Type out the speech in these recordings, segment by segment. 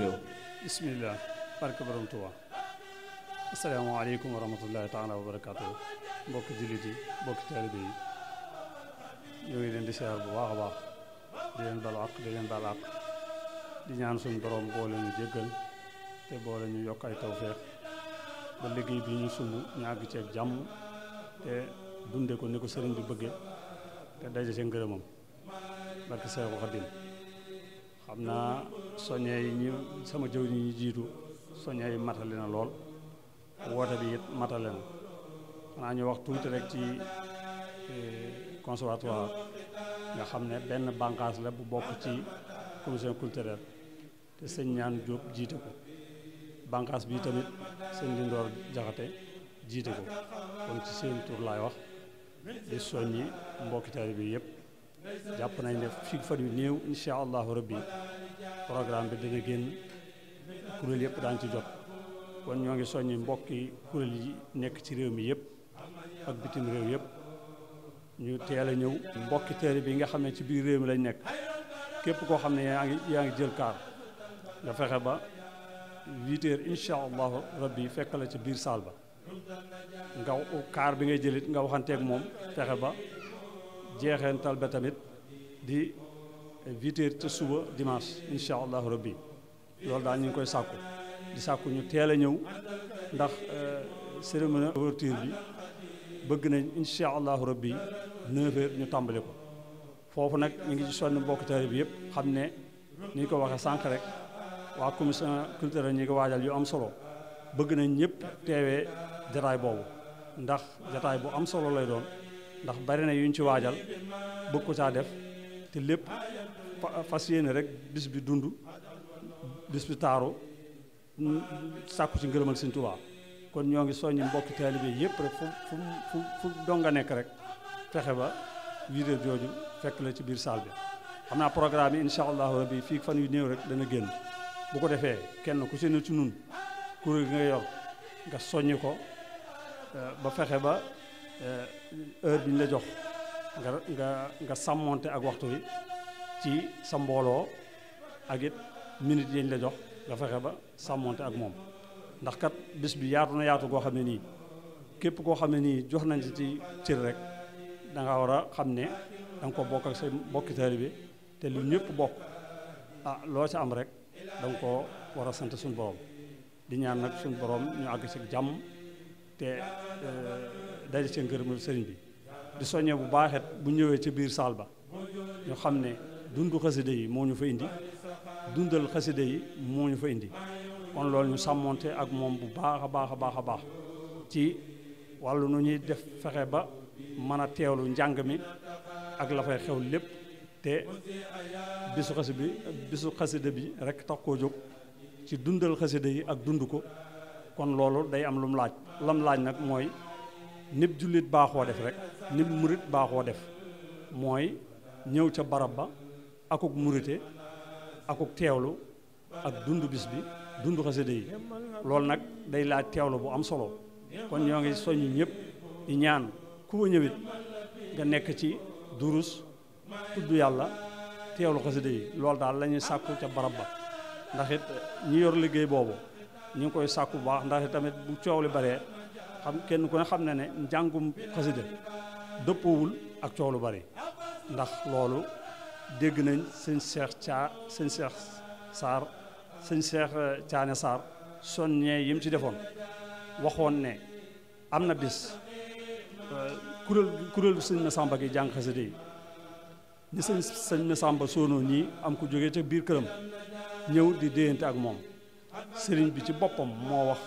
réew bismillah barke borom Tuuba asalaamaaleykum wa rahmatullahi taala wa barakaatu mbokki jullit yi mbokki taalibe yi ñoo leen di siyaar bu baax a baax di leen balu àq di leen balu àq di ñaan suñu borom boole ñu jéggal te boole ñu yokk ay tawféex ba liggéey bi ñu sumb ñu àgg ci ak jàmm te dunde ko ni ko sëriñ bi bëgge te daje ca ngërëmam barke Seexu Xaadim xam naa soññee yi ñu sama jëw yi ñu jiitu soññee yi matale na lool woote bi it matale na wax tuuti rek ci conservatoire xam ne benn bànqaas la bu bokk ci commission culturelle te sëñ ñaan Jóob jiite ko bànqaas bi tamit sëñ Lindoor Jaxate jiite ko kon ci seen tur laay wax di soññi mbokki taalibe bi yëpp jàpp nañ ne fii fan yu néew incha allahu rabbi programme bi dana génn kuréel yépp daan ci jot kon ñoo ngi soññi mbokki kuréel yi nekk ci réew mi yépp ak bitim réew yëpp ñu teel a ñëw mbokki teere bi nga xam ne ci biir réew mi lañ nekk képp koo xam ne yaa ngi yaa ngi jël kaar nga fexe ba huit heures incha allahu rabbi fekk la ci biir saal ba nga kaar bi ngay jëlit nga waxanteeg moom fexe ba jeexeental ba tamit di huit ca te suba dimanche incha allahu rabbi loolu daal ñu ngi koy sàkku di sàkku ñu teel a ñëw ndax euh, cérémonie ouverture bi bëgg nañ incha allahu rabbi neuf ñu tàmbali ko foofu nag ñu ngi ci sonn mbokk taari bi yëpp xam ne ni ñu ko waxee sànq rek waa commission culture ñi ngi waajal yu am solo bëgg nañ ñëpp teewee jataay boobu ndax jataay bu am solo lay doon ndax bari na yu ñu ci waajal bëgg ko caa def te lépp fas yéene rek bis bi dund bis bi taaru sàkku ci ngërëmal Sëñ waa kon ñoo ngi soññi mbokki taalibe yëpp rek fu fu fu fu donga nekk rek fexe ba vidéo jooju fekk la ci biir saal bi xam naa programme yi incha allahu rabbi fii fan yu néew rek dana génn bu ko defee kenn ku ci ci nun kuréel gi nga yor nga soññ ko eh, ba fexe ba Eh, heure biñ la jox nga nga nga samonté ak waxtu yi ci sa mbolo ak it minute yi ñu la jox nga fexé ba samonté ak mom ndax kat bis bi yaatu na yaatu go xamné ni képp koo xamné ni jox nañ ci cër rek da nga wara xamné da nga ko bok ak say mbokki taalibe té lu ñëpp bok ah lo ci am rek da nga ko wara sante sun borom di ñaan nak sun borom ñu ag ci jàmm te eh, daje ci ngërëmal sëriñ bi di soññee bu baaxet bu ñëwee ci biir saal ba ñu xam ne dundu xasida yi moo ñu fa indi dundal xasida yi moo ñu fa kon loolu ñu sàmmoonte ak moom bu baax a baax a baax a baax ci wàllu nu ñuy def fexe ba mën a teelu njàng mi ak la fay xew lépp te bisu xasi bi bisu xasida bi rek tax koo jóg ci dundal xasida yi ak dund ko kon loolu day am lum laaj lam laaj nag mooy nib jullit baaxoo def rek nib murit baaxoo def mooy ñëw ca barab ba akuk murite akuk teewlu ak dund bis bi dund xasida yi loolu nag day laaj teewlu bu am solo kon ñoo ngi soññ ñëpp di ñaan ku ko ñëwit nga nekk ci durus tudd yàlla teewlu xasida yi loolu daal lañuy ñuy sàkku ca barab ba ndax ñi yor liggéey boobu ñu ngi koy sàkku bu baax ndax tamit bu coow li baree xam kenn ku ne xam na ne njàngum xasida dëppoowul ak coow lu bari ndax loolu dégg nañ sëñ Cheikh Caa sëñ Cheikh Sarr sëñ Cheikh eh, Thiané Sarr soññee yim ci defoon waxoon ne am na bis eh, kuréel kuréelu sëñ Massamba gi jàng xasida yi ñi sëñ sëñ Massamba soonoo ñii am ku jógee ca biir këram ñëw di déyante ak moom sëriñ bi ci boppam moo wax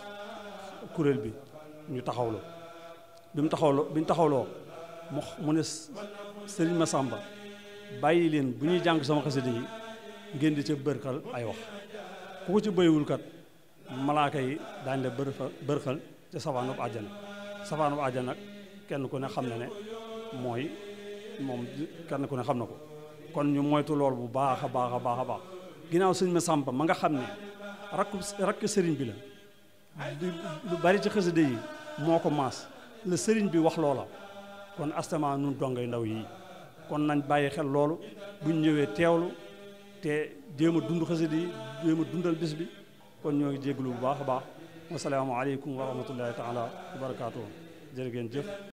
kuréel bi ñu la bi mu la bi mu taxawloo mu mu ne sëriñ Masamba bàyyi leen bu ñuy jàng sama xasida yi ngeen di ca bërkal ay wax ku ko ci bëyiwul kat malaaka yi daañ la bër ci ca safaanub àjjana safaanub àjjana nag kenn ku ne xam ne ne mooy moom kenn ku ne xam na ko kon ñu moytu lool bu baax a baax a baax a baax ginnaaw sëriñ Masamba ma nga xam ne rakku rakk sëriñ bi la lu bari ci xasida yi moo ko maas la sëriñ bi wax loola kon astama nun dongay ndaw yi kon nañ bàyyi xel loolu buñ ñëwee teewlu te jéem a dund xasida yi jéem a dundal bis bi kon ñoo ngi jégalu bu baax a baax wasalaamu aleykum wa rahmatullahi taala wa barakaatu jërë ngeen jëf